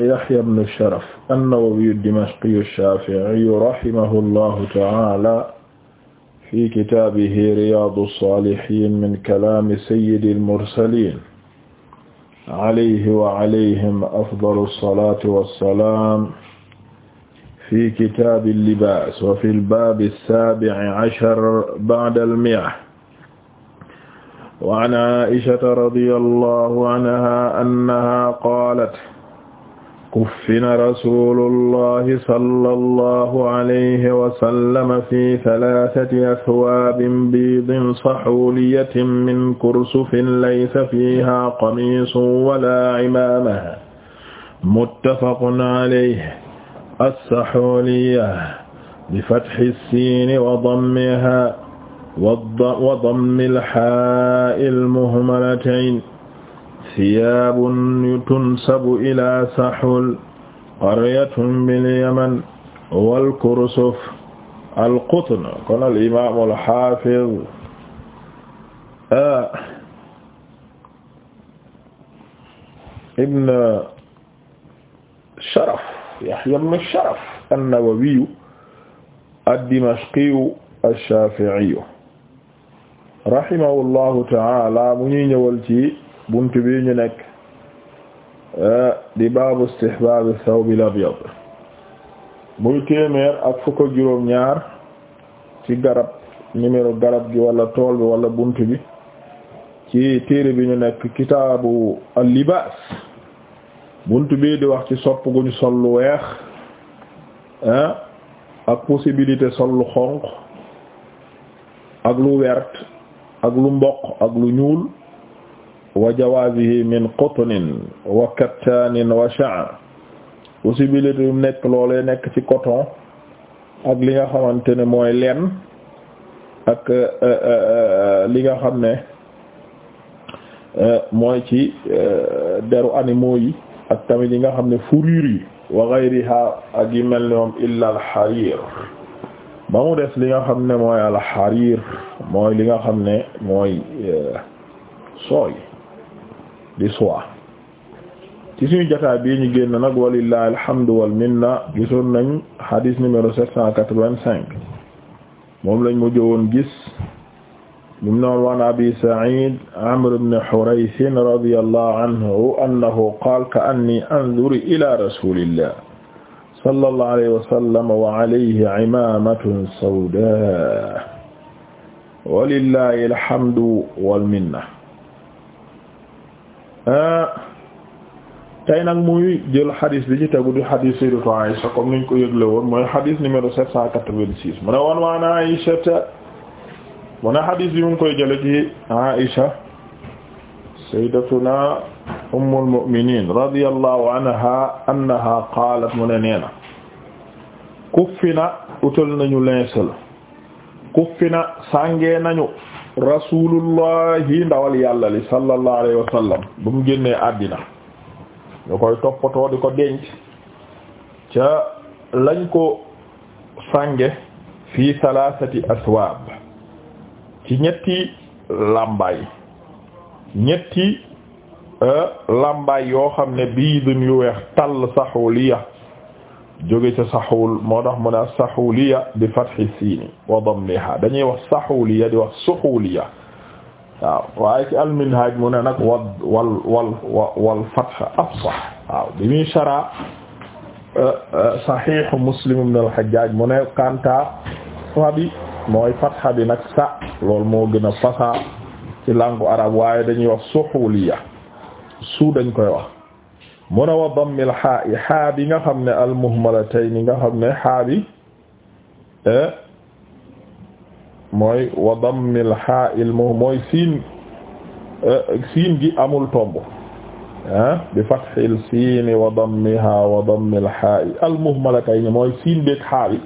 Yahya ibn Sharaf an-Nawawi ad-Dimashqi ash-Shafi'i rahimahu llahu ta'ala fi kitaabihi Riyaadu s-Saalihiin min kalaami sayyidi l-mursaliin alayhi wa alayhim afdalu s-salaatu wa s-salaam fi kitaabi l-libaas wa fi l-baabi s-saabi'i ashar ba'da l-mi'a وعن عائشة رضي الله عنها أنها قالت kuffina rasulullahi sallallahu alayhi wa sallam fi thalathati athwaabin biidin sahuliyatin min kursufin laysa fiha qamiisun wala imaama muttafaqun alayhi as-sahuliya bi fathi as-siin wa dammiha wa dammi al-haa al-muhmalatayn siyaabun tunsabu ila saxul qaryatun bil yaman wal kursuf al qutn kon al imaam al haafiz ibn Sharaf Yahya ibn Sharaf an-Nawawi ad-Dimashqi ash-Shaafi'i rahimahullahu ta'ala mu ñuy ñëwal ci bunt bi ñu nekk ah, di baabu istihbaabi thawbil abyad muy téeméer ak fukk ak juróom ñaar ci garab numéro garab gi walla tool bi wala bunt bi ci téere bi ñu nekk kitaabu al-libaas bunt bi di wax ci sopp gu sol lu weex ah, ak possibilité sol lu xonq ak lu wert ak lu mboq ak lu ñuul wa jawaazihi min qutnin wa kattaanin wa sha'r possibilité yu nekk loolee nekk ci coton ak li nga xamante ne mooy leen ak euh, euh, euh, li nga xam ne mooy ci deru animaux yi ak tamit yi nga xam ne fourrure yi wa ghayriha ak yi mel ñoom illa alxarir ba mu des li nga xam ne mooy alxarir mooy li nga xam ne mooy sooy di soie ci suñu jotaay bii ñu génn nag walillahi alhamdu wal minna gisoon nañ hadis numéro sept cent quatre-vingt-cinq moom lañ mujj woon gis mu noon waan abi sa'id amr ibn hurayth radiyallahu anhu annahu qaala ka'anni anzuru ila rasulillah sallallahu alayhi wa sallam wa alayhi imamatun sawda walillahi alhamdu wal minna Euh, tey nag muy jël xadis bi ci tegu di xadis sayyidatu Aïsha comme niñ ko yëgle woon mooy xadis numéro 786 mu ne wan waan Aïsha mu ne xadis bi mu ngi koy jële ci Aïsha sayyidatuna ummul mu'minin radiyallahu anha annaha qaalat mu ne neena kuffina utal nañu linsel kuffina sàngee nañu rasulullahi ndawal yàlla li sallallahu alayhi wa ba mu génnee àddina ñu koy toppatoo di ko denc ca lañ ko sànge fii salasati aswaab ci ñetti làmbaay ñetti euh, làmbaay yoo xam ne biidun yu weex tàll saxuliya jóge ca saxuul moo tax mu ne saxuuliya bi fathi siini wa dammiha dañuy wax saxuuliya di wax suxuuliya waaw waaye ci alminhaj mu ne nag wal wal wal wal fatha afsah waaw bi muy shara euh, euh, saxiixu muslim ibn al-Hajjaj mu ne kanta fa mooy fatha bi nag sa loolu moo gën a fasa ci langue waaye dañuy wax suxuuliya su dañ koy wax mu ne wa dammil xaa i xaa bi nga xam ne almuhmalatayni nga xam ne xaa bi eh, mooy wa dammil xaa mooy eh, siin gi amul tomb ah bi fatxil siini wa dammiha wa mooy siin beeg xaa bi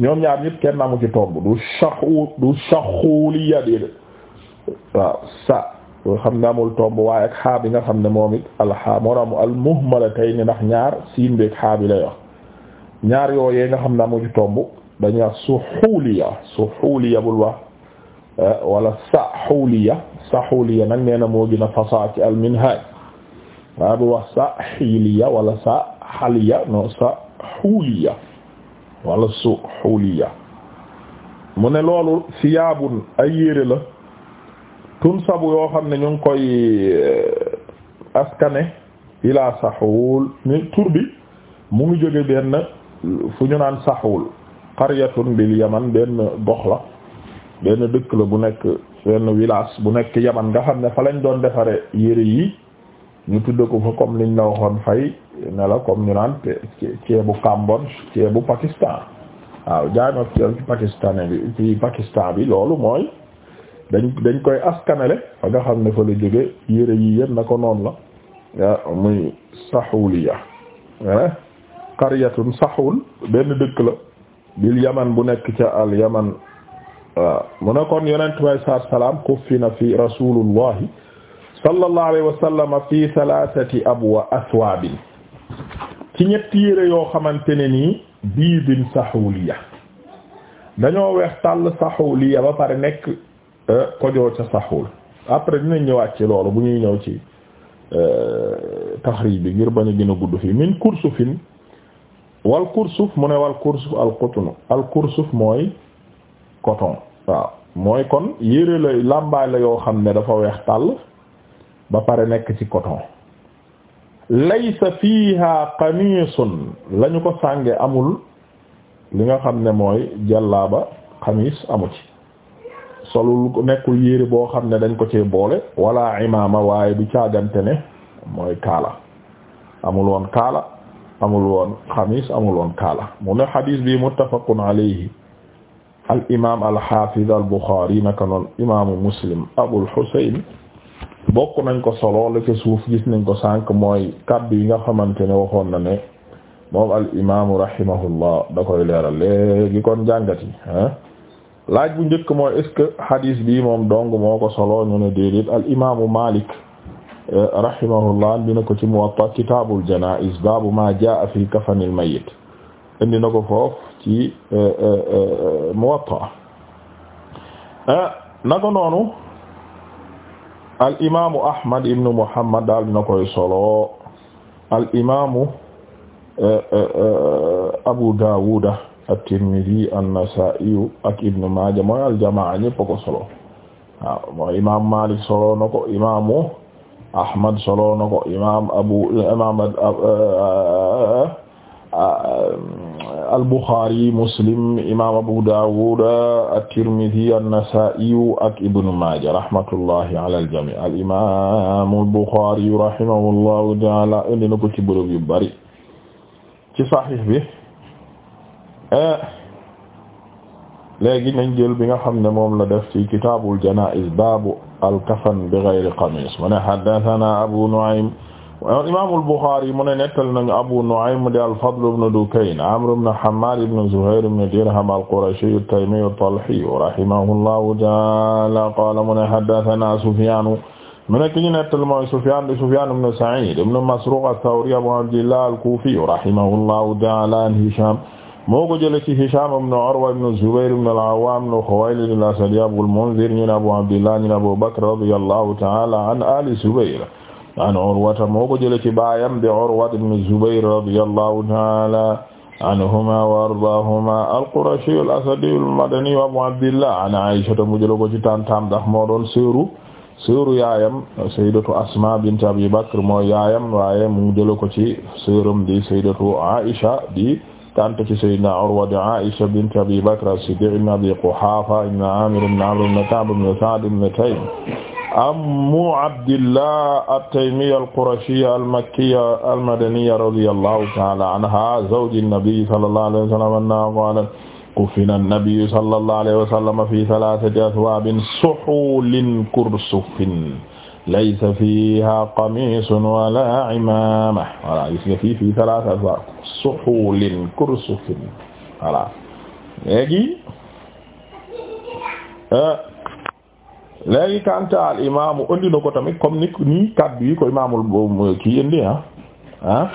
ñoom ñaar ñëpp kenn amu ci tomb du saxu du saxuliya déedéet boo xam ne amul tomb waaye bi nga xam ne moom it alxaa moonaam almuhmalatayni ndax ñaar siin beeg xaa bi lay wax yooyee nga xam ne amu ci tomb dañuy wax suxuliya suxuliya bul wax eh, wala saxuliya saxuliya nag nee na moo gën a fasaa ci alminhaj waaye bu wax saxiliya wala saxaliya non saxuliya wala suxuliya mu ne loolu siyaabun ay yére la tunsabu yoo xam ne ñu ngi koy euh, askane ila saxuwul tur bi mu ngi jóge benn fu ñu naan saxuwul qaryatun bil yaman benn gox la benn dëkk la bu nekk benn village bu nekk yaman nga xam ne fa lañ doon defaree yére yi ñu tudde ko fa comme liñ la waxoon fay ne la comme ñu naan ceebu Cambodge ceebu Pakistan waaw jaay ma ceeb bi ci Pakistan bi loolu mooy dañ dañ koy askanale fa nga xam ne fa la jóge yére yi yépp na ko noonu la muy saxuliya eh? qaryatun saxul benn dëkk la bil yaman bu nekk ca al yaman waaw mu ne kon yonent may saat salaam kuffina fi rasulullahi sallallahu alayhi wa sallam fi thalathati abwa aswaabin ci ñetti yére yoo xamante ne nii biibin saxuliya dañoo weex tàll saxuliya ba pare nekk Euh, kojoo ca saxul après dinañ ñëwaat ci loolu bu ñuy ñëw ci euh, taxrij bi ngir bañ a gudd fii min kursufin wal kursuf mu ne wal kursuf al qutnu al kursuf mooy coton waaw mooy kon yére la làmbaay la yoo xam ne dafa weex tàll ba pare nekk ci coton laysa fiiha qamisun lañu ko sànge amul li nga xam ne mooy jàllaaba xamis amu ci solul nekkul yére boo xam ne dañ ko cee boole wala imaama waaye du caagante ne mooy kaala amul woon kaala amul woon xamis amul woon kaala mu ne xadiis bi muttafaqun alayhi al imaam al xaafiz al buxaari naka noonu imaamu muslim abul xuseyn bokk nañ ko solo la ca suuf gis nañ ko sànq mooy kaddu yi nga xamante ne waxoon na ne moom al imaamu rahimahullah da koy leeral léegi kon jàngati ah. laaj bu njëkk mooy est-ce que hadis bi moom dong moo ko solo ñu ne déedéet al imaamu Malik eh, rahimahullah dina ko ci Muwatta kitaabul janaa'iz baabu maa jaa'a fii kafanil mayyit indi na ko foofu ci eh, eh, Muwatta naka noonu al imaamu Ahmad ibn Muhammad daal dina koy solo al imaamu Abu Daawuda at-Tirmidhi an-Nasa'i ak Ibn Maaja mooy al-jamaa ñépp ko solo waaw mooy imaam Maalik solo na ko imaamu Ahmad solo na ko imaam Abu imaam uh, uh, uh, al-Bukhari Muslim imaam Abu Dawud at-Tirmidhi an-Nasa'i ak Ibn Maaja rahmatullahi ala al-jamii al-imaam al-Bukhari rahimahullahu ta'ala indi na ko ci bërëb yu bari ci Sahih bi. Eh. léegi nañ jël bi nga xam ne moom la def ci kitaabul janaa'iz baabu alkafan bi ghayri qamiis mu ne haddasanaa Abu Nu'aym imaamul Buxaari mu ne nettal nañu Abu Nu'aym di al-Fadl ibn Dukayn Amr ibn Hammaad ibn Zuhayr ibn Dirham al-Qurashi at-Taymi at-Talhi rahimahullahu ta'aala qaala mu ne haddasanaa Sufyaan mu ne ki ñu nettal mooy Sufyaan di Sufyaan ibn Sa'iid ibn Masruuq ath-Thawri Abu Abdillah al-Kuufi rahimahullahu ta'aala an Hishaam moo ko jëlee ci Hisham ibn Urwa ibn Zubayr ibn al-Awwam ibn Khuwaylid al-Asadi Abul Munzir ñu ne Abu Abdillah ñu ne Abu Bakr radiyallahu ta'ala an ali Zubayr an Urwata moo ko jëlee ci baayam bi Urwa ibn Zubayr radiyallahu ta'ala anhuma wa ardaahuma al-Qurashi al-Asadi al-Madani Abu Abdillah an Aisha mu jëlee ko ci tantam ndax moo doon seeru seeru yaayam sayyidatu Asma bint Abi Bakr mooy yaayam waaye mu jëlee ko ci seeram di sayyidatu Aisha di kanta ci sayyidina Urwa di Aisha bint Abi Bakr as-Siddiq ibn Abi Quhafa ibn Amir ibn Amr ibn Ka'b ibn Sa'd ibn Taym Ummu Abdillah at-Taymiyya al-Qurashiyya al-Makkiyya al-Madaniyya radiyallahu ta'ala anha zawj an-nabiy sallallahu alayhi wa sallam annaha qalat kuffina an-nabiy sallallahu alayhi wa sallam fi thalathati athwabin suhulin kursufin laysa fiha qamisun wala imamah wala gis nga fii fii thalathati athwab suxuulin kursufin voilà léegi euh, léegi kanta al imaamu indi na tamit comme ni nii yi ko imaamul kii indi ah ah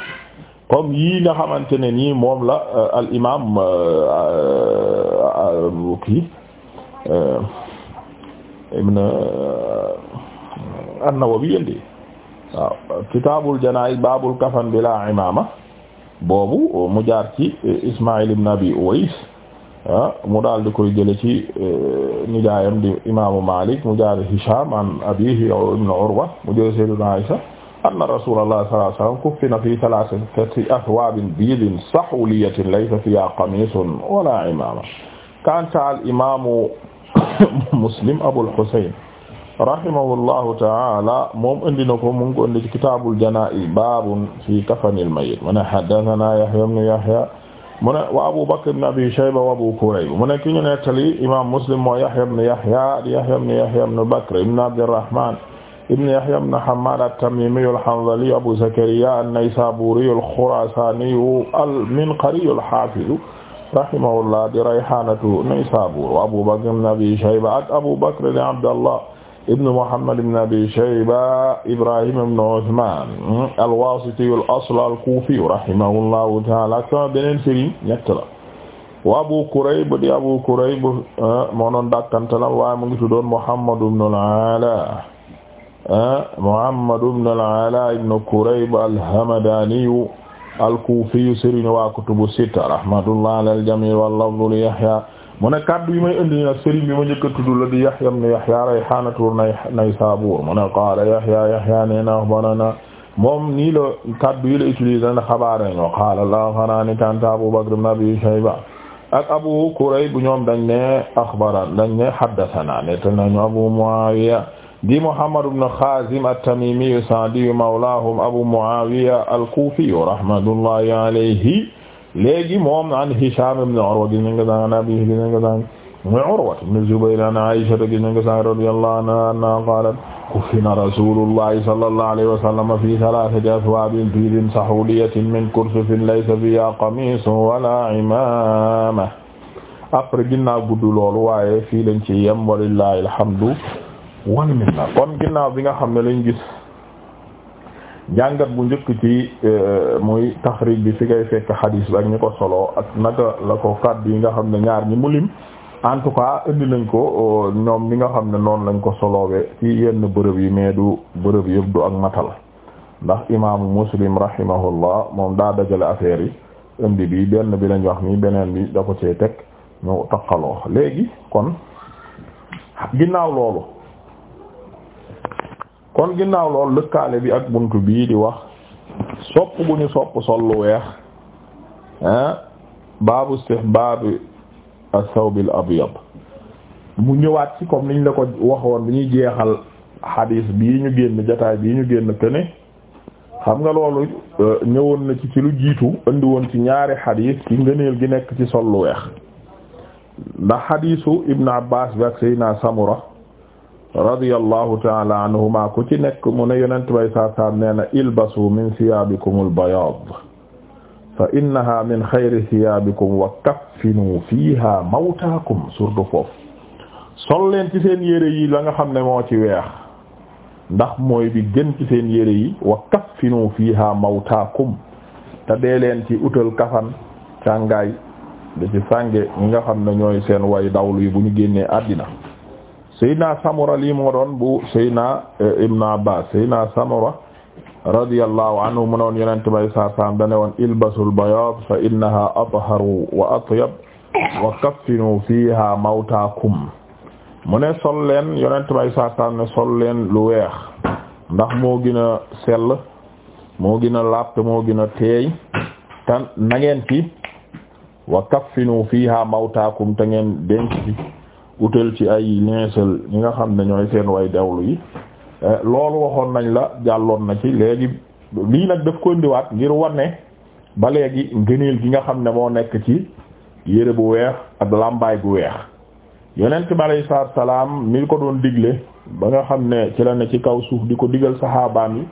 comme yii nga xamante ne nii moom la euh, al imaam euh, kii ibn an-Nawawi indi kitaabul janaa'iz baabul kafan bilaa boobu mu jaar ci euh, Ismaïl ibn Abi Uways ah, mu daal di koy jële ci euh, nijaayam di imaamu Malik mu jaar Hisham an abihi ibn Urwa mu jële sayyidina Aisha anna Rasulullah sallallahu alayhi wasallam kuffina fi thalathati athwabin biidin sahwiliyatin laysa fiha qamisun wala imama kanta al imamu Muslim Abul Husayn rahimahullahu taala moom indi na ko mu ngi ko indi ci kitaabul janaa'iz baabun fi kafanil mayyit mu ne haddathana Yahya ibn Yahya mu ne wa Abu Bakr ibn Abi Shayba wa Abu Kurayb mu ne ki ñu nettali imaam Muslim moo Yahya ibn Yahya di Yahya ibn Yahya ibn Bakr ibn Abdirrahman ibn Yahya ibn Hammad at-Tamimi al-Hanzali Abu Zakariya an-Naysaburi al-Khurasani al-Minqari al-Hafiz rahimahullah di rayhanatu Naysabur wa Abu Bakr ibn Abi Shayba ak Abu Bakr ibn Abdallah ibn Muhammad ibn Abi Shayba Ibrahim ibn Uthman al-Wasiti al-asl al-Kufi rahimahullahu ta'ala ak sama beneen sëriñ ñett la wa Abu Kurayb di Abu Kurayb ah, moo noon dakkantalam waaye mu ngi tuddoon Muhammad ibn al-Ala ah, Muhammad ibn al-Ala ibn Kurayb al-Hamadani al-Kufi sëriñ wa kutubu sitta rahmatullah ala al-jami' wal lafzu li Yahya mu ne kaddu yi may indi nag sëriñ bi ma njëkk a tudd la di Yahya ibn Yahya Rayhanatu Naysabur mu ne qaala Yahya Yahya nee na axbarana moom nii la kaddu yi la utilisé na xabaar nañu qaala la xanaa ni kanta Abu Bakr ibn Abi Shayba ak Abu Kurayb bu ñoom dañ ne axbarana dañ ne haddathana ne te nañu Abu Muawiya di Muhammad ibn Khazim at-Tamimi as-Sa'di mawlahum Abu Muawiya al-Kufi rahmatullahi alayhi léegi moom an Hisham ibn Urwa gis nañ ko sànq an abi gis nañ ko sànq muy Urwa ibn Zubayr an Aisha gis nañ ko sànq radiyallahu anha anna qalat kuffina rasulullahi sallallahu alayhi wa sallam fi thalathati athwabin biidin sahuliyatin min kursufin laysa fiha qamisun wala imama après ginnaaw gudd loolu waaye fii lañ ci yem walillahi alhamdu wal minna kon ginnaaw bi nga xam ne lañ gis jàngat bu njëkk ci euh, muy taxrij bi fi ngay fekk xadiis bi ak ñi ko solo ak naka la ko kàddu yi nga xam ne ñaar ñi mu lim en tout nañ ko euh, ñoom ñi nga xam ne noonu lañ ko soloowe ci yenn bërëb yi mais du bërëb yëpp du ak matal ndax imaamu muslim rahimahullah moom daa dajale affaire yi indi bi benn bi lañ wax nii beneen bi da ko cee teg ñu taqaloo léegi kon ginnaaw loolu kon ginnaaw lool lëkkaale bi ak buntu bii di wax sopp bu ñu sopp sol lu weex ah baabu istihbaab as-sawb al-abyad mu ñëwaat ci comme niñ la ko waxoon bi ñuy jeexal xadiis bii ñu génn jotaay bii ñu génn te xam nga loolu euh, ñëwoon na ci ci lu jiitu indi woon ci ñaari xadiis ci ngëneel gi nekk ci sol lu weex ndax xadiisu Ibn Abbas bi ak Seydina Samura radiyallahu taala anhuma ku ci nekk mu ne yonent bay saa na ilbasu min siyaabikumul bayaad fa innaha min xayri siyaabikum wa kaffinu fiiha mawtaakum surtout foofu sol leen ci seen yére yi la nga xam ne moo ci weex ndax mooy bi gën ci seen yére yi wa kaffinu fiiha mawtaakum te dee leen ci utal kafan càngaay da ci sànge nga xam ne ñooy seen way dawlu yi bu ñu génnee àddina Seydina Samura lii moo doon bu Seydina eh, Ibn Abbas Seydina Samura radiyallahu anhu mu ne woon Yonent bi saa saam da ne ilbasul bayaad fa innaha atharu wa atyab wa kaffinu fiha mawtaakum mu ne sol leen Yonent bi saa ne sol leen lu weex ndax moo gën a sell moo gën a moo gën a teey tan na ngeen wa kaffinu fiha mawtaakum te ngeen denc ci utal ci ay lincel ñi nga xam ne ñooy seen way dewlu yi eh, loolu waxoon nañ la jàlloon na ci léegi lii nag daf ko indiwaat ngir wane ba léegi ngëneel gi nga xam ne moo nekk ci yére bu weex ak làmbaay bu weex yeneen bi alayhi salaatu salaam mi ko doon digle ba nga xam ne ci la ne ci kaw suuf di ko digal saxaabaan yi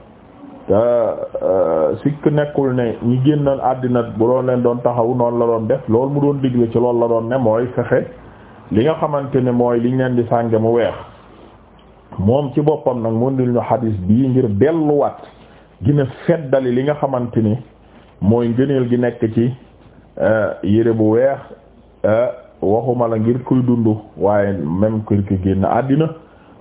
te eh, sikk nekkul ne ñi génnoon àddina bu doon leen doon taxaw noonu la doon def loolu mu doon digle ci loolu la doon ne mooy fexe li nga xamante ne mooy liñ leen di sànge mu weex moom ci boppam nag mu ndil ñu xadiis bii ngir delluwaat gina feddali li nga xamante ni mooy ngëneel gi nekk ci eh, yére bu weex eh, waxuma la ngir kuy dund waaye même kuy ki génn àddina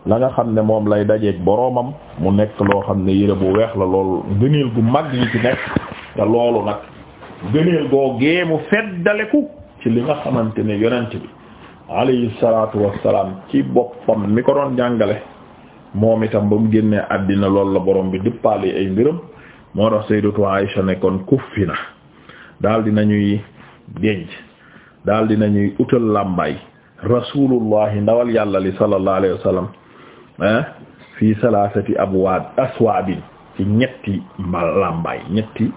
la nga xam ne moom lay dajeeg boroomam mu nekk loo xam ne yére bu weex la loolu ngëneel gu mag yi ci nekk te loolu nag ngëneel goo gee mu ci li nga xamante ne yonent bi alayhi salaatu wassalaam ci boppam mi ko doon jàngale moom itam ba mu génnee àddina lool la borom bi dëppaale ay mbiram moo tax sayyidatu Aisha ne kon kuffi na daal di nañuy denc daal di nañuy utal làmbaay rasulullahi ndawal yàlla li sallallahu alayhi wa sallam ah fii salasati abwaad aswaadin ci ñetti làmbaay ñetti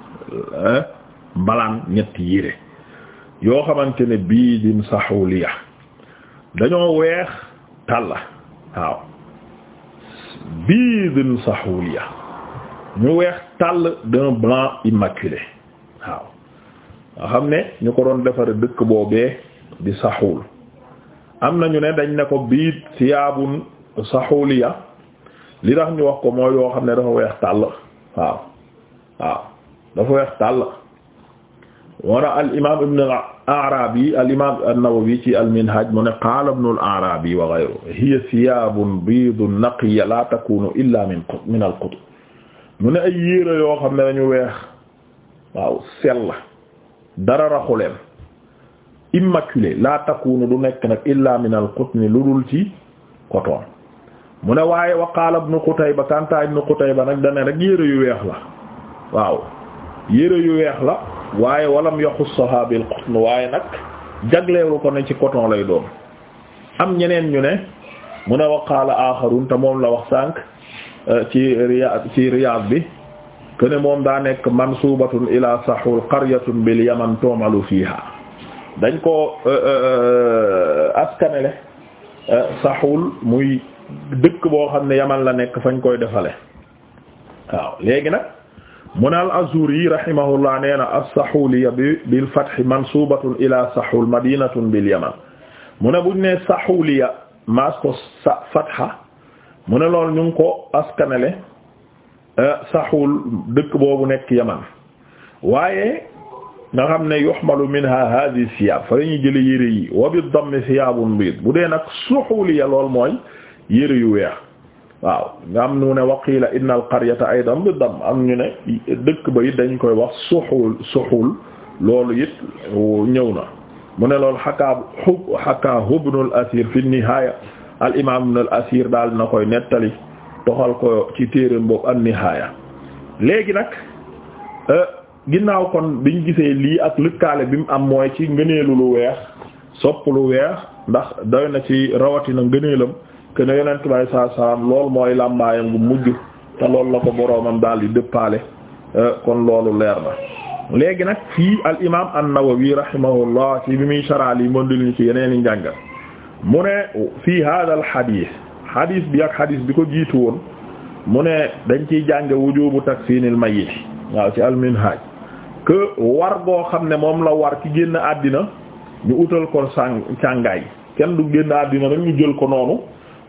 ah, balaan ñetti yére yoo xamante ne bii din saxuliya dañoo weex tàll waaw biidun sahuliya ñu weex tàll d'un blanc immaculé waaw nga xam ne ñu ko doon defare dëkk boobee di saxuul am na ñu ne dañ ne ko biid siyaabun saxuliya li tax ñu wax ko mooy yoo xam ne dafa weex tàll waaw waaw dafa weex tàll wara al imaam ibn al Arabi al imaam an-Nawawi ci al Minhaj mu ne qaala ibn al Arabi wa ghayruhu hiya thiyaabun biidun naqiyya laa takuunu illaa min min al qutn mu ne ay yére yoo xam ne dañu weex waaw sell dara raxuleen immaculé laa takuunu du nekk nag illaa min al qutn lu dul ci coton mu ne waaye wa qaala ibn Qutayba kanta ibn Qutayba nag dane rek yére yu weex la waaw yére yu weex la waaye walam yaxussaha bil qutn waaye nag jagleeru ko ne ci coton lay doon am ñeneen ñu ne mën a waqaala aaxarun te moom la wax sànq euh, ci riyaad ci riyaad bi que ne moom daa nekk mansubatun ila sahul qaryatun bil yaman tu'malu fiha dañ ko euh, euh, askanele sahul muy dëkk boo xam ne yaman la nekk fañ koy defale waaw léegi nag mu ne al azuri rahimahullah nee na as-saxuliya bi bil fathi mansubatun ila saxul madinatun bil yaman mu ne buñ ne saxuliya maas ko sa fatha mu ne loolu ñu ngi ko askanale eh, saxul dëkk boobu nekk yaman waaye nga xam ne yuhmalu minha hadi siyaab fa la ñuy jële yére yi wa bi damm siyaabun biid bu dee nag saxuliya lool mooy yére yu weex waaw nga am ñu ne waqiila inna al qaryata aydan bi dam am ñu ne dëkk ba it dañ koy wax suxul suxul loolu it ñëw na mu ne lool xakaa xakaahu ibnu al asir fi nihaaya al imam ibnu al asir daal na koy nettali toxal ko ci téeréem boobu an nihaaya léegi nag euh, ginnaaw kon biñ gisee lii ak lëkkaale bi mu am mooy ci ngëneelu lu weex sopp lu weex ndax doy na ci rawatina ngëneelam que ne yonent bi alayhi lool mooy làmbaayam bu mujj te loolu la ko boroomam daal di dëppaale euh, kon loolu leer na léegi nag fii al imaam an-Nawawi rahimahullah ci bi muy saraal yi mëndil ñu ci yeneen i njàngat mu ne fii hada al hadith hadith bi ak hadith bi ko jiitu woon mu ne dañ ciy jànge wujubu takfinil mayyit waaw ci al minhaj que war goo xam ne moom la war ci génn àddina ñu utal ko sàng càngaay kenn du génn àddina rek ñu jël ko noonu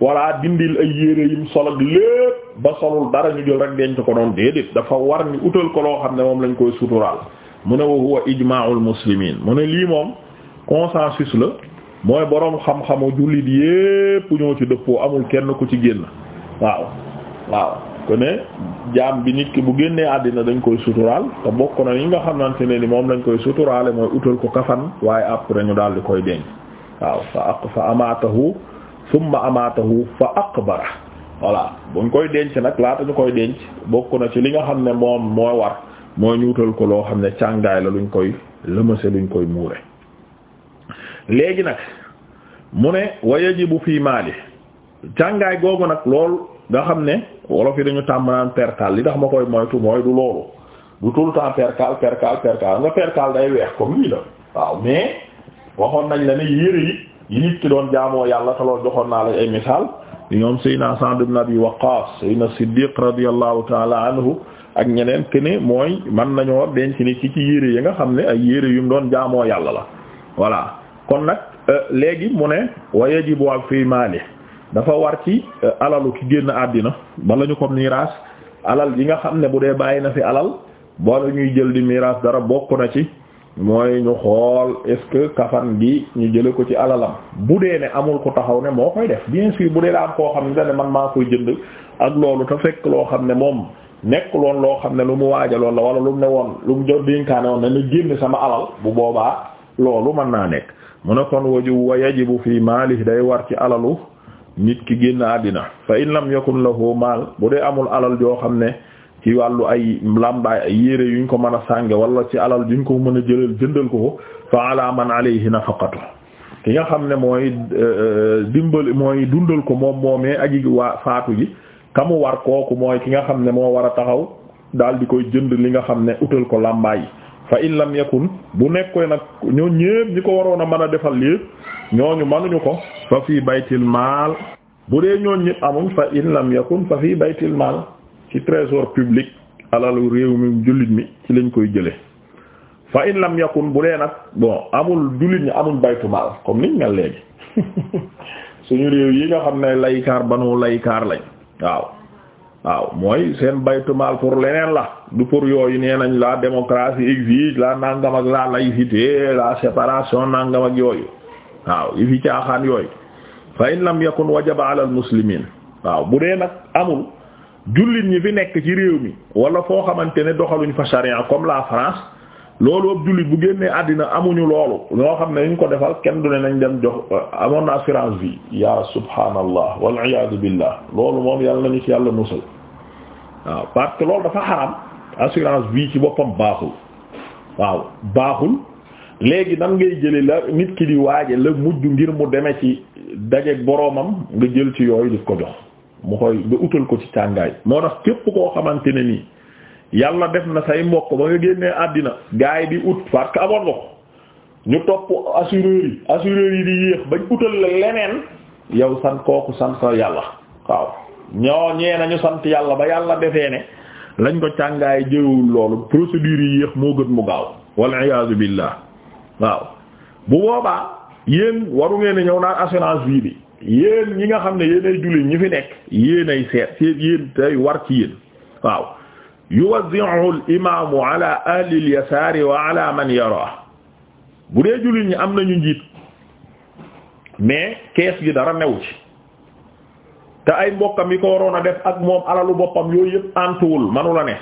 walla dindil ay yére yim sol ak lépp ba solul dara ñu jël rek denc ko doon déedéet dafa war ni utal ko loo xam ne moom lañ koy suturaal mu ne wa huwa ijmaa'ul muslimiin lii moom consensus la mooy boroom xam-xamu jullit ci dëppoo amul kenn ku ci génn waaw waaw ne jaam bi nit ki bu génnee àddina dañ koy suturaal te bokk na yi nga xamante ne ni moom lañ koy suturaale mooy utal ko kafan waaye après ñu daal di koy denc waaw fa aq fa summa amaatahu fa aqbara voilà buñ koy denc nag laata ñu koy denc bokk na ci li nga xam ne moom moo war moo ñuutal ko loo xam ne càngaay la luñ koy lëmase luñ koy muure léegi nag mu ne wa yajibu fii maali càngaay googu nag lool nga xam ne wolof yi dañu tàmm naan percal li tax ma koy moytu mooy du loolu du tout le temps nga percal day weex ko nii la waaw mais waxoon nañ la ne yére yi yi nit ki doon jaamoo yàlla te loolu joxoon naa la ay misaal ñoom Seydina Sa'd ibn Abi Waqqas Seydina Siddiq radiyallahu taala anhu ak ñeneen ke ne mooy man nañoo denc ni ci ci yére yi nga xam ne ay yére yu mu doon jaamoo yàlla la voilà kon nag euh, léegi mu ne wa yajibu fi maali dafa war ci euh, alalu ki génn àddina bala ñu ko miraas alal yi nga xam ne bu dee bàyyi na fi alal boo ñuy jël di miraas dara bokk na ci mooy ñu xool est-ce que kafan gi ñu jële ko ci alalam bu dee ne amul ko taxaw ne moo koy def bi sûr bu dee da am koo xam ne dane man maa koy jënd ak loolu te fekk loo xam ne moom nekk loon loo xam ne lu mu waajaloon la wala lu mu ne woon lu mu jot dénkaane woon ne na génn sama alal bu boobaa loolu mën naa nekk mu ne kon waju ji yajibu fii maalihi day war ci alalu nit ki génn àddina fa in lam yakun lahu maal bu dee amul alal joo xam ne ci wàllu ay lambaay ay yére yuñ ko mën a sànge wala ci alal yuñ ko mën a jëlal jëndal ko ko fa ala man alayhi nafaqatu ki nga xam ne mooy euh, euh, dimbali mooy dundal ko moom moomee aji waa faatu ji kamu war kooku mooy ki nga xam ne moo war a taxaw daal di koy jënd li nga xam ne utal ko làmbaay fa in lam yakun bu nekkoy nag ñoo ñépp ñi ko waroon a mën a defal lii ñooñu manuñu ko fa fii baytil maal bu dee ñooñ ñépp amuñ fa in lam fa fii baytil maal ci trésor public alalu réew mi jullit mi ci lañ koy jële fa in lam yakun bu dee nag bon amul jullit ñi amul baytu maal comme niñ mel léegi suñu réew yi nga xam ne laykaar banu laykaar lañ waaw waaw mooy seen baytu maal pour leneen la du pour yooyu nee nañ laa démocratie exige la nangam ak la laïcité la séparation nàngamak ak yooyu waaw yi fi caaxaan yooyu fa in lam yakun wajaba ala al waaw bu dee nag amul jullit ñi fi nekk ci réew mi wala foo xamante ne doxaluñ fa charia comme la France loolu ab jullit bu génnee àddina amuñu loolu ñoo xam ne ñu ko defal kenn du ne nañ dem jox euh, amoon na assurance bi ya subhanallah wal iyaadu billah loolu moom yàlla nañu ci yàlla musal waaw parce que loolu dafa xaram assurance vie ci boppam baaxul waaw baaxul léegi nan ngay jëli la nit ki di waaje la mujj ngir mu deme ci dajeek boroomam nga jël ci yooyu di ko jox mu koy nga utal ko ci càngaay moo tax képp koo xamante ne nii yàlla def na say mbokk ba nga génnee àddina gaay di ut parce que amoon nga ko ñu topp assureurs yi assureurs yi di yéex bañ utal la leneen yow sant kooku sant sa yàlla waaw ñoo ñee nañu sant yàlla ba yàlla defee ne lañ ko càngaay jëwul loolu procédures yi yéex moo gën mu gaaw wal iyaazu billah waaw bu boobaa yéen waru ngeen ñëw naan assurance vie bi yéen ñi nga xam ne yéenay jullit ñi fi nekk yéenay seet yéen tey war ci yéen waaw yuwazzi'u al imaamu ala ahli al wa ala man yara bu dee jullit ñi am nañu njiit mais kees gi dara new ci te ay mbokkam yi ko waroon a def ak moom alalu boppam yooyu yëpp antuwul manu ne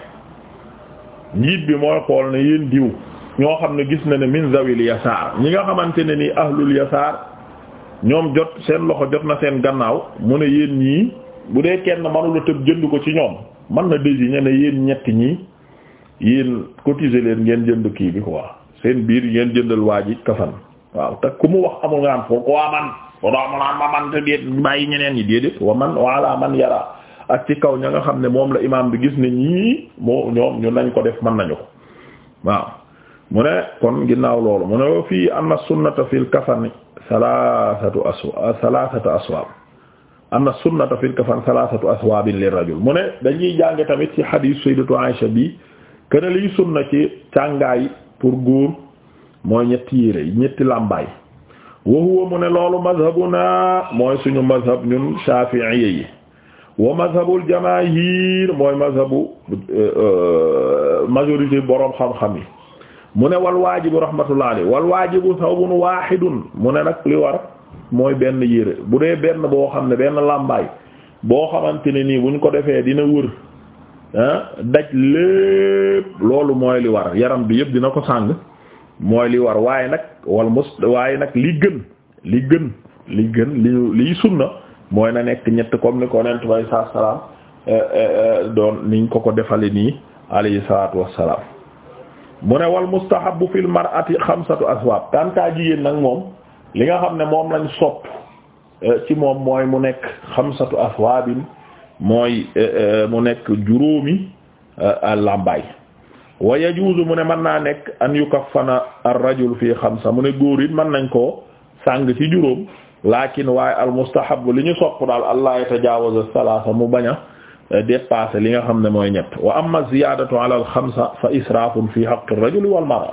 njiit bi mooy xool ne yéen diw ñoo xam ne gis na ne min zawil yasaar ñi nga xamante ne nii ahlul yasaar ñoom jot seen loxo jot na seen gannaaw mu ne yéen ñii bu dee kenn manula tëb jënd ko ci ñoom man na désigner ne yéen ñetti ñii yéen cotiser leen ngeen jënd kii bi quoi seen biir ngeen jëndal ji kafan waaw te ku mu wax amul nga am pourquoi man bo doo mu naan ma man ñeneen ñi déedéet wa man wala man yara ak ci kaw ña nga xam ne moom la imaam bi gis ne ñii moo ñoom ñu nañ ko def mën nañu ko waaw mu ne kon ginnaaw loolu mu ne fii anna sunnata fil kafani salaasatu aswa salaasatu aswaab anna sunnata fil kafan salaasatu aswaabin lirrajul mu ne dañuy jànge tamit ci xadiis sayyidatu Aisha bi kene liy sunna ci càngaay pour góor mooy ñetti yére ñetti làmbaay wa huwa mu ne loolu mazhabuna mooy suñu mazhab ñun shafi'iyye yi wa mazhabul jamaahir mooy mazhabu euh, euh, majorité boroom xam-xam yi mu ne wal waajibu rahmatullah alayhi wal waajibu sawbun waahidun mu ne nag li war mooy benn yére bu dee benn boo xam ne benn làmbaay boo xamante ne nii buñ ko defee dina wër ah, daj lépp loolu mooy li war yaram bi yëpp dina ko sàng mooy li war waaye nag wal mus waaye nag li gën li gën li gën li liy sunna mooy na nekk ñett comme ni ko nent bay salaam eh, eh, eh, doon niñ ko ko defale nii alayhi salaatu wassalaam mu ne wal mustahabu fil mar'ati xamsatu aswaab kantaa jigéen nag moom li nga xam ne moom lañ sopp eh, ci moom mooy mu nekk xamsatu aswaabin mooy eh, eh, mu nekk juróomi làmbaay wa yajuuzu mu ne mën naa nekk an yu yukaffana ar-rajul fii xamsa mu ne góor it mën nañ ko sàng ci juróom lakin waaye al mustahabu li ñu sopp daal allah yatajaawaza salaasa mu baña Euh, dépassé li nga xam ne mooy ñett wa am ziyadatu ala al xamsa fa israafun fi haqqi ar-rajuli wal mar'a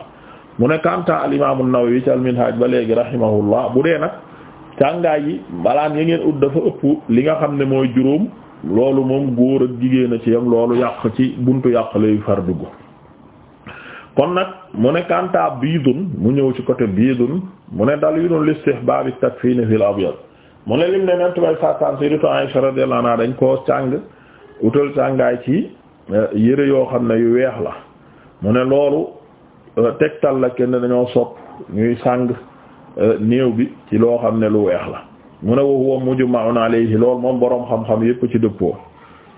mu ne kanta al imam an yi ci al-Minhaj ba léegi rahimahullah bu dee nag càngaay yi balaan ya ngeen ut dafa ëpp li nga xam ne mooy juróom loolu moom góor ak jigéen a ci yam loolu yàq ci buntu yàq lay far dugg kon nag mu ne kanta biidun mu ñëw ci côté biidun mu ne dalilun listihbab at-takfin fil abyad mu ne lim ne nent bay satan sayyidatu Aisha radiyallahu dañ koo càng utal sàngaay ci eh, yére yoo xam ne yu weex la mu ne loolu eh, teg tal la kenn dañoo sopp ñuy sàng eh, néew bi ci loo xam ne lu weex la mu ne wa huwa mujma'un alayhi loolu moom boroom xam-xam yépp ci dëppoo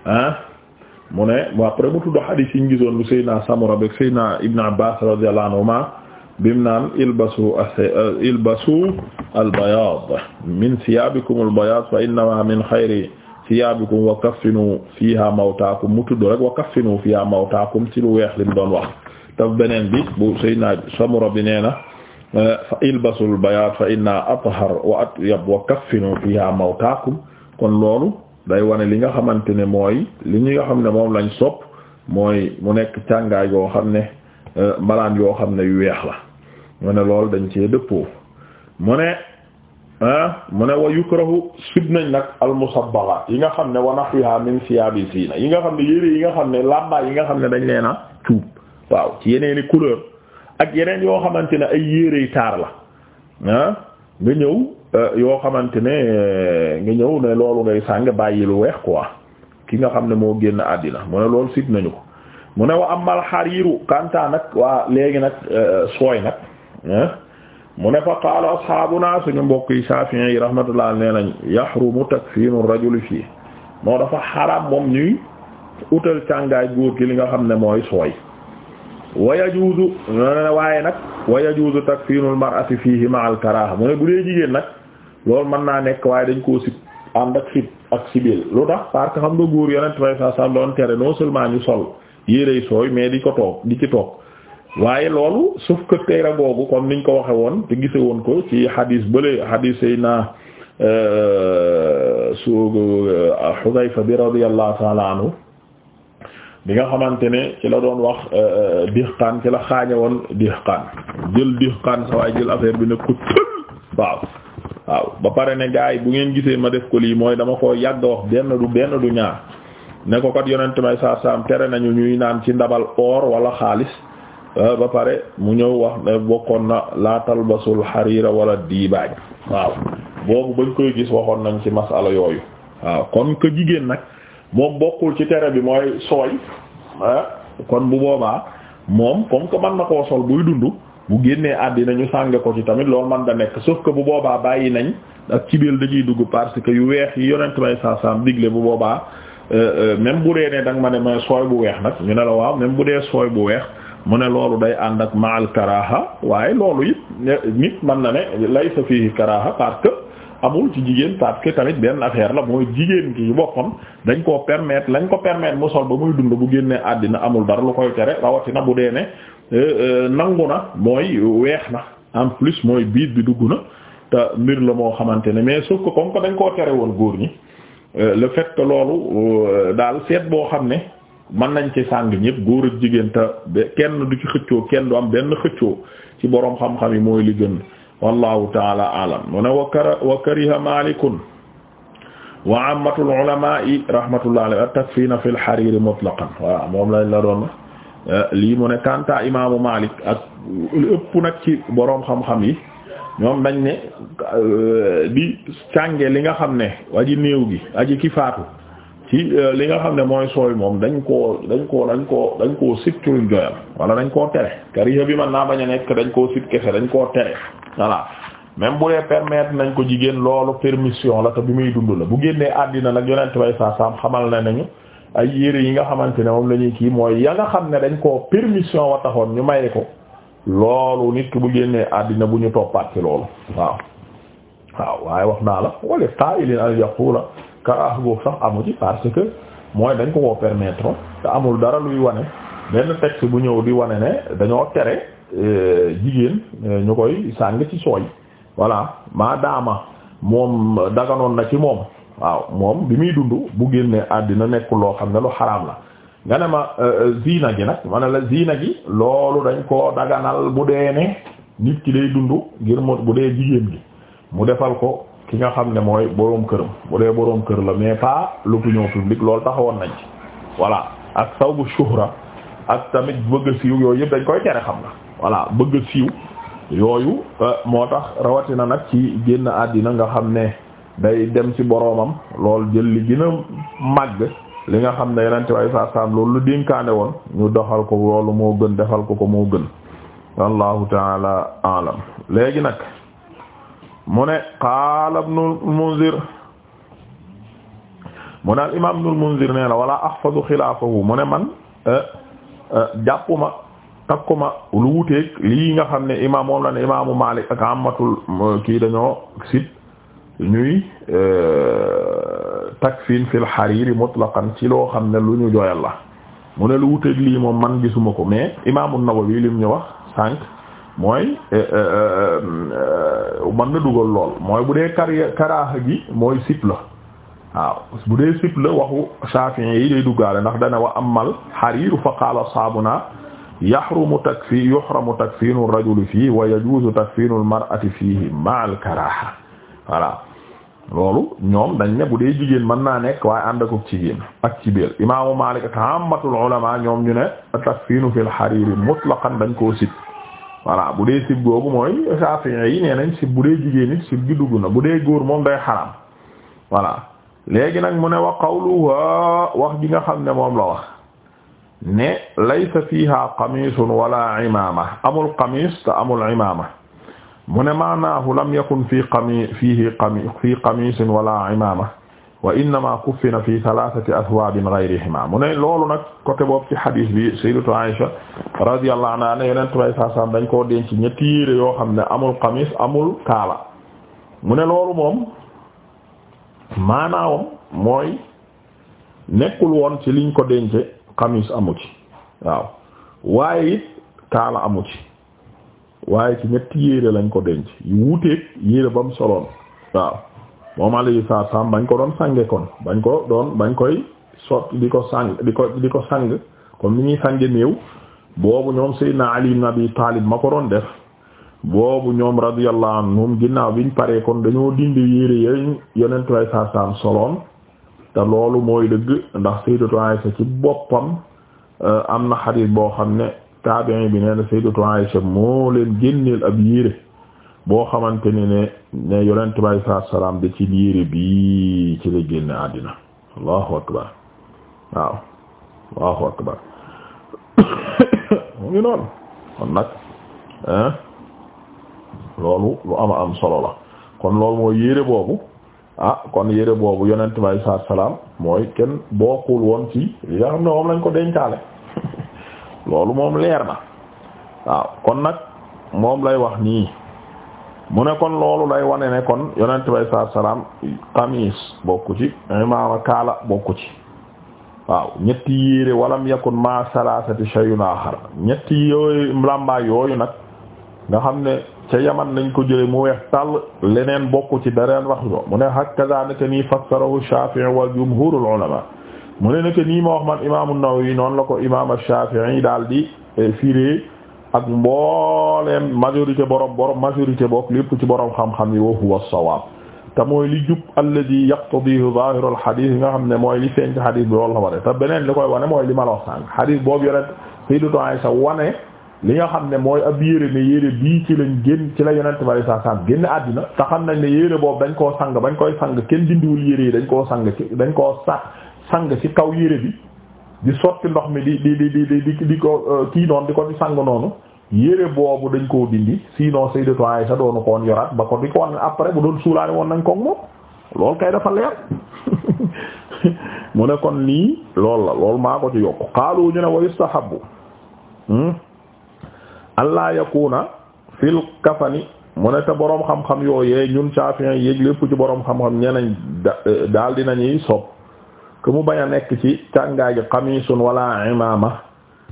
ah mu ne mu après mu tudd xadiis yi ñu gisoon bu Seydina Samura bek Seydina Ibn Abbas radiyallahu anhuma naan ilbasu ilbasu al-bayaad min siyaabikum al-bayaad fa min xayri siyaabikum wa kaffinu fiha mawtaakum mu tudd rek wa kaffinu fiha mawtaakum ci lu weex lim doon wax taf beneen bi bu Seydina Samura bi nee na fa ilbasul bayaat fa inna athar wa atyab wa kaffinu fiha mawtaakum kon loolu day wane li nga xamante ne mooy li nga xam ne moom lañ sopp mooy mu nekk càngaay yoo xam ne euh, malaan yoo xam ne yu weex la mu ne loolu dañ cee dëppoo mu ne mu ne wa yukrahu sib nañ nag al almusabbagha yi nga xam ne wa nahwiha min sii siina yi nga xam ne yére yi nga xam ne làmbaay yi nga xam ne dañ nee a cuub waaw ci yeneeni couleur ak yeneen yoo xamante ne ay yére yu taar la ah nga ñëw euh, yoo xamante ne euh, nga ñëw ne loolu ngay sàng bàyyi lu weex quoi ki nga xam ne moo génn àddina mu ne loolu sib nañu ko mu ne wa amal xariiru kanta nag waa léegi nag euh, sooy nag mu ne fa qaala naa suñu mbokk yi Shafi'i yi rahmatullah nee nañ yahrumu takfiinu rajuli fii moo dafa xaraam moom ñuy utal càngaay góor gi li nga xam ne mooy sooy wa yajuuzu waaye nag wa yajuuzu takfiinul mar'ati fiihi ma'al karaaha mu ne bu dee jigéen nag loolu mën naa nekk waaye dañ koo sib ànd ak sib ak sibil lu tax parce xam nga góor yeneen bay sa sam doon tere non seulement ñu sol yérey sooy mais di ko toog di ci toog waaye loolu sauf que teera googu comme niñ ko waxe woon te gise woon ko ci xadiis bële xadiis yi naa euh, su euh, Xudayfa bi radiyallahu ta'ala bi nga xamante ne ci la doon wax euh, dihqaan ci la xaañe woon dihqaan jël dihqaan sa waaye jël affaire bi ne ko waaw waaw ba pare ne gars yi bu ngeen gisee ma def ko lii mooy dama ko yàgg wax benn du benn du ñaar ne ko kat yonent may saa saam tere nañu ñuy naan ci ndabal or wala xaalis Euh, ba pare mu ñëw wax ne bokkoon na la talbasul xariira wala diibaaj waaw boobu bañ koy gis waxoon nañ ci masala yooyu waaw kon que jigéen nag moom bokkul ci tere bi mooy sooy ah. kon bu boobaa moom comme que mën na koo sol buy dund bu génnee àddina ñu sànge ko ci tamit loo man da nekk sauf que bu boobaa bàyyi nañ ak cibeel dañuy dugg parce que yu weex yi yonent may saa saam digle bu boobaa euh, euh, même bu dee ne danga ma ne ma sooy bu weex nag ñu ne la waaw même bu dee sooy bu weex mu ne loolu day ànd ak maal karaha waaye loolu it nit mën na ne lay fihi karaha parce que amul ci jigéen parce que tamit benn affaire la mooy jigéen ki boppam dañ koo permettre lañ ko permettre mu sol ba muy dund bu génnee àddina amul dara lu koy tere rawatina bu dee ne euh, euh, nangu na mooy weex na en plus mooy biir bi dugg na te mbir la moo xamante ne mais sauf que comme que dañ koo tere woon góor ñi euh, le fait que loolu daal seet boo xam ne. man nañ ci sàng ñëpp góor ak jigéen te kenn du ci xëccoo kenn du am benn xëccoo ci boroom xam-xam yi mooy li gën wallahu taala alam mu wa kariha malikun wa ammatul ulama yi rahmatullah alayhi at-takfina fi al-harir mutlaqan waaw moom lañ la doon eh, lii mu ne kanta imaamu Malik ak ëpp nag ci boroom xam-xam yi ñoom dañ ne eh, di sànge li nga xam ne aji néew gi aji ki faatu ci euh, li nga xam ne mooy sooy moom dañ koo dañ koo dañ koo dañ koo sit ci luñ joyal wala dañ koo tere kariha bi man naa bañ a nekk dañ koo sit kese dañ koo tere voilà même bu dee permettre nañ ko jigéen loolu permission la te bi muy dund la bu génnee àddina nag yonent bay saa saam xamal na nañu ay yére yi nga xamante ne moom la ñuy kii mooy ya nga xam ne dañ koo permission wa taxoon ñu maye ko loolu nit ki bu génnee àddina bu ñu toppaat ci loolu waaw waaye wax naa la karaas ah boobu sax amu ci parce que mooy dañ ko koo permettre te amul dara luy wane benn texte bu ñëw di wane ne dañoo tere euh, jigéen euh, ñu koy sàng ci sooy voilà maa daama moom daganoon na ci moom waaw moom bi muy dund bu génne àddina nekkul loo xam ne lu xaraam la nga ne ma euh, zina gi nag ma ne la zina gi loolu dañ ko daganal bu dee ne nit ki day dund ngir mu bu dee jigéen gi mu defal ko ki nga xam ne mooy boroom këram bu dee boroom kër la mais pas l'opinion publique loolu taxawoon nañ ci voilà ak saw bu shuhra ak tamit bëgg a siiw yooyu yëpp dañ koy tere xam nga voilà bëgg a siiw yooyu euh, moo tax rawatina nag ci génn àddina nga xam ne day dem ci boroomam loolu jël li gën a màgg li nga xam ne yenente way sa sam loolu lu dénkaane woon ñu doxal ko loolu moo gën defal ko ko moo gën wallahu taala alam léegi nag mu ne qaala ibnul munzir mu ne al imaam ibnul munzir nee na wala ahfadu xilaafahu mu ne man eh, eh, jàppuma takkuma lu wuteeg lii nga xam ne imaam moom la ne imaamu Maalik ak amatul kii dañoo sit ñuy eh, takfin fil xariiri mutlaqan ci loo xam ne lu ñu jooyal la mu ne lu wuteeg lii moom man gisuma ko mais imaamu Nawawi lim ñu wax sànq. mooy eh, eh, eh, mën na dugal lool mooy bu dee kar karaaxa gi mooy sip la waaw bu dee sip la waxu Shafi'i yi day duggaale ndax dana wa amal xariiru fa qaala ashaabuna yaxrumu takfi yuxramu takfiinu rajuli fii wa yajuuzu takfiinu almar'ati fiihi ma'al karaaxa voilà loolu ñoom dañ ne bu dee jigéen mën naa nekk waaye ànd ak jigéen ak ci biir imaamu Maalik ak ammatul ulamaa ñoom ñu ne takfiinu fil xariiri mutlaqan dañ ko sip voilà bu dee sib googu mooy Shafi'i yi nee nañ bu dee jigéen nit sib gi dugg na bu dee góor moom day xaram voilà léegi nag mu ne wa qawluha wax ji nga xam ne moom la wax ne laysa fiha qamisun wala imama amul qamis te amul imama mu ne maanaahu lam yakun fi qami fihi qami fi qamisin wala wa innama kuffina fi thalathati athwabin ghayrihima mu ne loolu nag côté boobu ci hadis bi sayyidatu Aisha radiyallahu anha ne yonent bay saasaam dañ koo denc ñetti yére yoo xam ne amul xamis amul kaala mu ne loolu moom maanaawam mooy nekkul woon ci liñ ko dence xamis amu ci waaw waaye it kaala amu ci waaye ci ñetti yére lañ ko denc yu wuteeg yére ba soloon moom alayhi salaam bañ ko doon sange kon bañ ko doon bañ koy sot di ko sang di ko di ko sang kon mu ñuy sange néew boobu ñoom naa Ali ibn Abi Talib ma ko doon def boobu ñoom radiyallahu anhum ginnaaw biñ paree kon dañoo dindi yére yéen yonentu way saa saam soloon te loolu mooy dëgg ndax ci boppam euh, am na xadiis boo xam ne taabi'i bi nee na Sayyidatu Aisha moo leen génneel ab yére boo xamante ne ne ne yonent bi alayhi salaatu wa salaam de ci liire bii ci la génn àddina allahu akbar waaw allahu akbar mu ngi noonu kon nag loolu lu ama am solo la kon loolu mooy yére boobu ah kon yére boobu yonent bi alayhi salaatu salaam mooy kenn bokkul woon ci li nga xam ne moom lañ ko dencaale loolu moom leer na waaw kon nag moom lay wax nii mu ne kon loolu lay wane ne kon yonent bay saa salaam kamis bokku ci imaama kaala bokku ci waaw ñetti yére walam yakun ma salasati shay'un akhar ñetti yooyu làmbaay yooyu nag nga xam ne ca yaman lañ ko jële mu weex tàll leneen bokku ci dareen wax jo mu ne hakaza naka nii fassarahu Shafi'i wal jumhurul ulama mu ne naka nii ma wax man imaamu Nawawi noonu la ko imaam Shafi'i daal di eh, firé ak mbooleem majorité borom borom majorité bokk lépp ci borom xam-xam yi wa huwa sawaab te mooy li jub alladi yaqtadihi zaahirul xadiis yi nga xam ne mooy li feeñ ci xadiis bi loolu la wane te beneen li koy wane mooy li ma la wax sànq xadiis boobu yonent Sayyidatu Aysa wane li nga xam ne mooy ab yére ne yére bii ci lañ génn ci la yonent bari saa sànq génn àddina te xam nañ ne yére boobu dañ koo sang bañ koy sang kenn dindiwul yére yi dañ koo sang ci dañ koo sa sàng ci kaw yére bi di sotti ndox mi di di di di di ko euh, kii noonu di ko di noonu yére boobu dañ koo dindi sinon Sayyidatu Aisha doonu ko woon yoraat ba ko di ko wan après bu doon suulaale woon nañ ko moom loolu kay dafa leer mu ne kon lii lool la loolu maa ko ci yokk xaalu ñu ne wa yustahabbu hmm? allah yakuna fil kafani mu ne te boroom xam-xam yooyee ñun Shafi'i yéeg lépp ci boroom xam-xam ñeneen daal dinañuy sopp que mu bañ nekk ci càngaay gi xamisun wala imama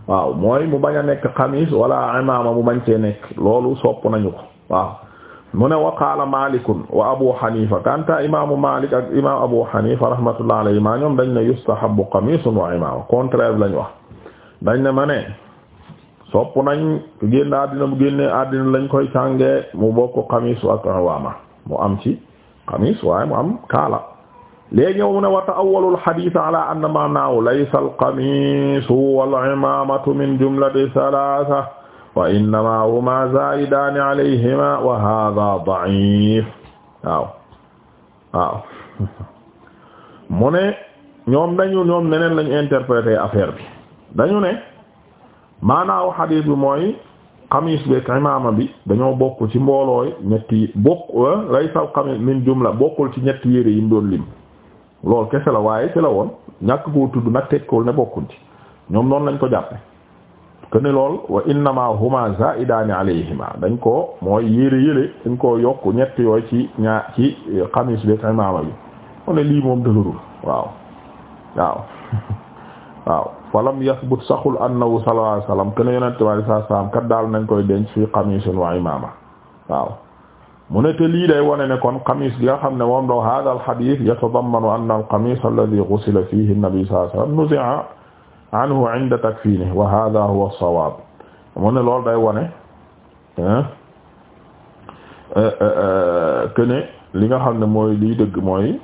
waaw mooy mu bañ a nekk xamis wala imama mu bañ cee nekk loolu sopp nañu ko waaw mu ne wa qaala malikun wa abu hanifa kanta imamu malik ak imam abu hanifa rahmatullah alayhi maa ñoom dañ ne yustahabu xamisun wa imama contraire lañ wax dañ ne ma ne sopp nañ ku génn àddina bu génne àddina lañ koy cànge mu bokk xamis ak mu am ci xamis waaye mu am kaala léegi ñëw mu ne wa ta'awwalu al-hadith ala anna ma'nahu laysa al-qamisu wal-imamatu min jumlati thalatha wa innama huma za'idani alayhima wa hadha da'if waaw waaw mu ne ñoom dañu ñoom neneen lañu interpréter affaire bi dañu ne maanaaw hadith bi mooy xamis beeg imaama bi dañoo bokk ci mboolooy ñetti bokk laysal xamis min jumla bokkul ci ñetti yére yi mu doon lim loolu kese la waaye ci la woon ñàkk koo tudd nag tegkool ne bokkuñ ñoom noon lañ ko jàppe que ne lool wa innama huma zaidani alayhima dañ koo mooy yére yére dañ ko yokk ñetti yooyu ci ñaar ci xamis bi ak imaama bi mu ne lii moom dëgërul waaw waaw waaw yasbut saxul annahu sallallahu alayhi wasallam que ne yonente bi kat daal nañ koy denc fi xamisin wa imaama waaw mu ne te lii day wone ne kon qamis bi nga xam ne moom do hada al hadith yatadammanu anna al qamis alladhi ghusila fihi an-nabi sallallahu alayhi wasallam nuzi'a anhu 'inda takfinihi wa hadha huwa as mu ne loolu day wone kene eh, eh, eh, li nga xam ne mooy liy dëgg mooy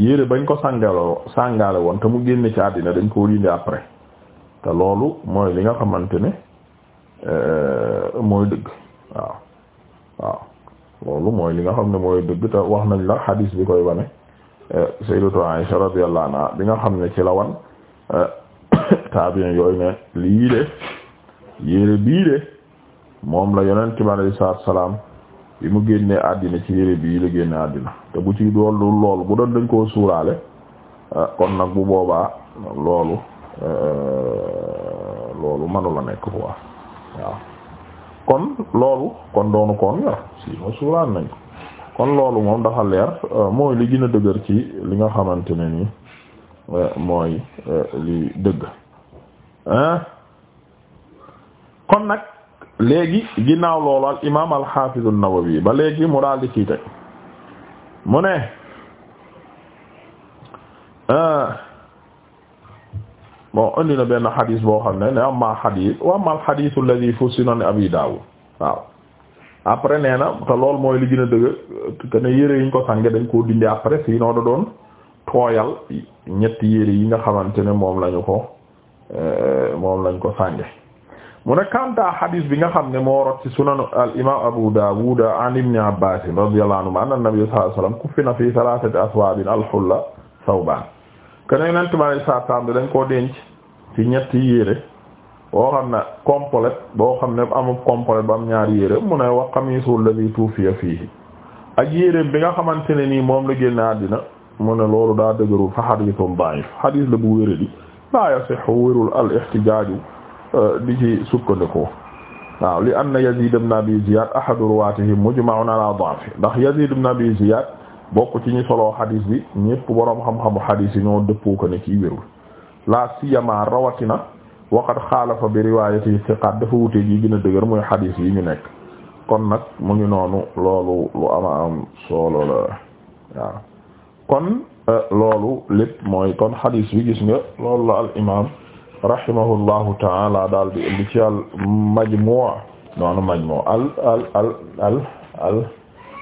yére bañ ko sàngaloo sàngale woon te mu génne ci àddina dañ koo dindi après te loolu mooy li nga xamante ne mooy dëgg waaw loolu mooy li nga xam ne mooy dëgg te wax nañ la hadis bi koy wane eh, sayyidatu Aisha radiyallahu anha bi nga xam ne ci la wan eh, tabiin yooyu ne lii de yére bii de moom la yonent bi alayhi salaam bi mu génnee àddina ci yére bii la génne àddina te bu ci dool loolu bu doon dañ koo suuraale eh, kon nag bu boobaa loolu loolu mënu la nekk quoi waaw kon loolu kon doonu koon yor si ma suuraan nañ kon loolu moom dafa leer euh, mooy li gën a dëgër ci li nga xamante ne ni euh, mooy euh, li dëgg kon nag léegi ginnaaw loolu al imaam al xaafiz an-Nawawi ba léegi mu daal di ciy teg mu ne bon indi na benn xadis boo xam ne ne amma xadis wa amma al xadis alladhi fi sunan abi dawud waaw après nee na te loolu mooy li gën a dëgg te yére yi ko sange dañ koo dindi après doon tooyal ñetti yére yi nga xamante ne moom lañu ko euh, moom lañ ko sànge mu ne kanta xadis bi nga xam ne moo rot ci sunan al imam abu dawud an ibn abbas radiyallahu anhu anna nabi sallallahu alayhi wasallam kuffina fi thalathati aswabin al hulla thawban kene yonent bi alei saatu salaam bi dañ koo denc ci ñetti yére boo xam ne complet boo xam ne am complet ba am ñaari yére mu ne wa qamiisu alladhi tuufiya fiihi ak yéreem bi nga xamante ne nii moom la génne àddina mu ne loolu daa dëgërul fa xadiisun da'if xadiis la bu wéré di laa yasihhu wérul al ihtijaaju euh, di ci sukkandikoo waaw li anna Yaziid ibn Abi Ziyaad ahadu ruwaatihi mujma'un ala da'fi ndax Yaziid ibn Ziyaad bokk ci ñi soloo xadis bi ñëpp boroom xam-xamu xadis yi ñoo dëppoo ko ne kii wérul laa siyama rawatina waqad xaalafa bi riwaayati siqaat dafa wuteeg yi gën a dëgër mooy xadis yi ñu nekk kon nag mu ngi noonu loolu lu ama am solo la waaw kon euh, loolu lépp mooy kon xadis bi gis nga loolu la al imam rahimahullahu taala daal di indi al al al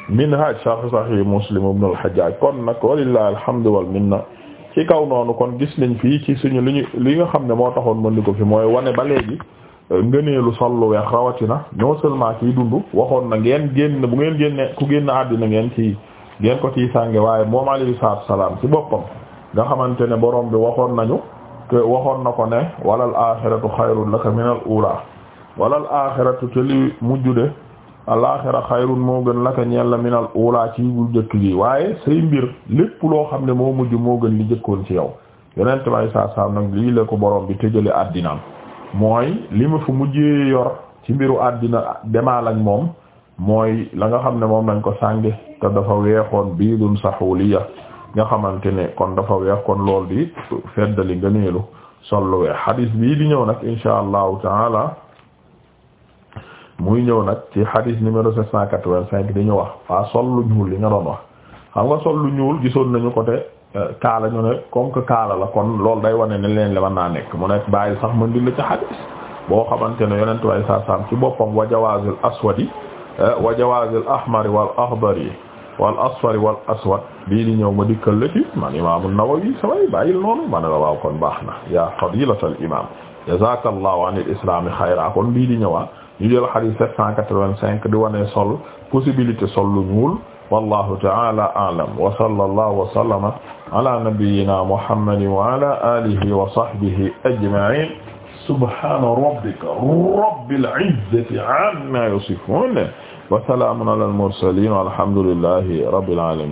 minhaj sarh sahih muslim ibn al-hajjaj kon nag walillahi alhamdu wal minna ci kaw noonu kon gis nañ fii ci suñu li li nga xam ne moo taxoon mën di ko fi mooy wane ba léegi euh, ngëneelu sol lu weex rawatina non seulement kiy dund waxoon na ngeen génn bu ngeen génne ku génn àddina ngeen ci ngeen ko ciy sànge waaye moom alayhi salaatu salaam ci boppam nga xamante ne borom bi waxoon nañu te waxoon na ko ne walal axiratu xayrun laka minal uulaa walal axiratu te li alaaxira xayrun moo gën laka ñeel la minal uulaa ci bu jëkk gi waaye say mbir lépp loo xam ne moo mujj moo gën li jëkkoon ci yow yonent may saa saam nag lii la ko borom bi tëjale àddinaam mooy li ma fu mujjee yor ci mbiru àddina demaal ak moom mooy la nga xam ne moom lañ ko sànge te dafa weexoon bi biidun saxuliya nga xamante ne kon dafa weex kon lool bi feddali nga neelu sollu weex xadiis bii di ñëw nag insha allahu taala muy ñëw nag ci hadith numéro cent 785 di ñu wax waa sol lu ñuul li nga doon wax xam nga sol lu ñuul gisoon nañu ko côté euh, kaala ñu ne comme que kaala la kon loolu day wane ne leen le mën naa nekk mu nekk bàyyi sax mën di ci hadith boo xamante ne yonentuwaay sa saam ci boppam wa jawaazil aswadi euh, wa jawaazil ahmari wal axdari wal asfari wal aswad bii di ñëw ma dikkal la ci man imaamu Nawawi samay bàyyil noonu ma ne la waaw kon baax na yaa fadilatal imaam jazaakallahu anil islaami xayra kon bii di ñëwaat ñu jël xadis 785 di wane sol possibilité sol lu ñuul wallahu ta'ala a'lam wa sallallahu wa sallama ala nabiyyina muhammadin wa ala alihi wa sahbihi ajma'in subhana rabbika rabbil izzati amma yasifun wa salamun ala al mursalin walhamdulillahi rabbil alamin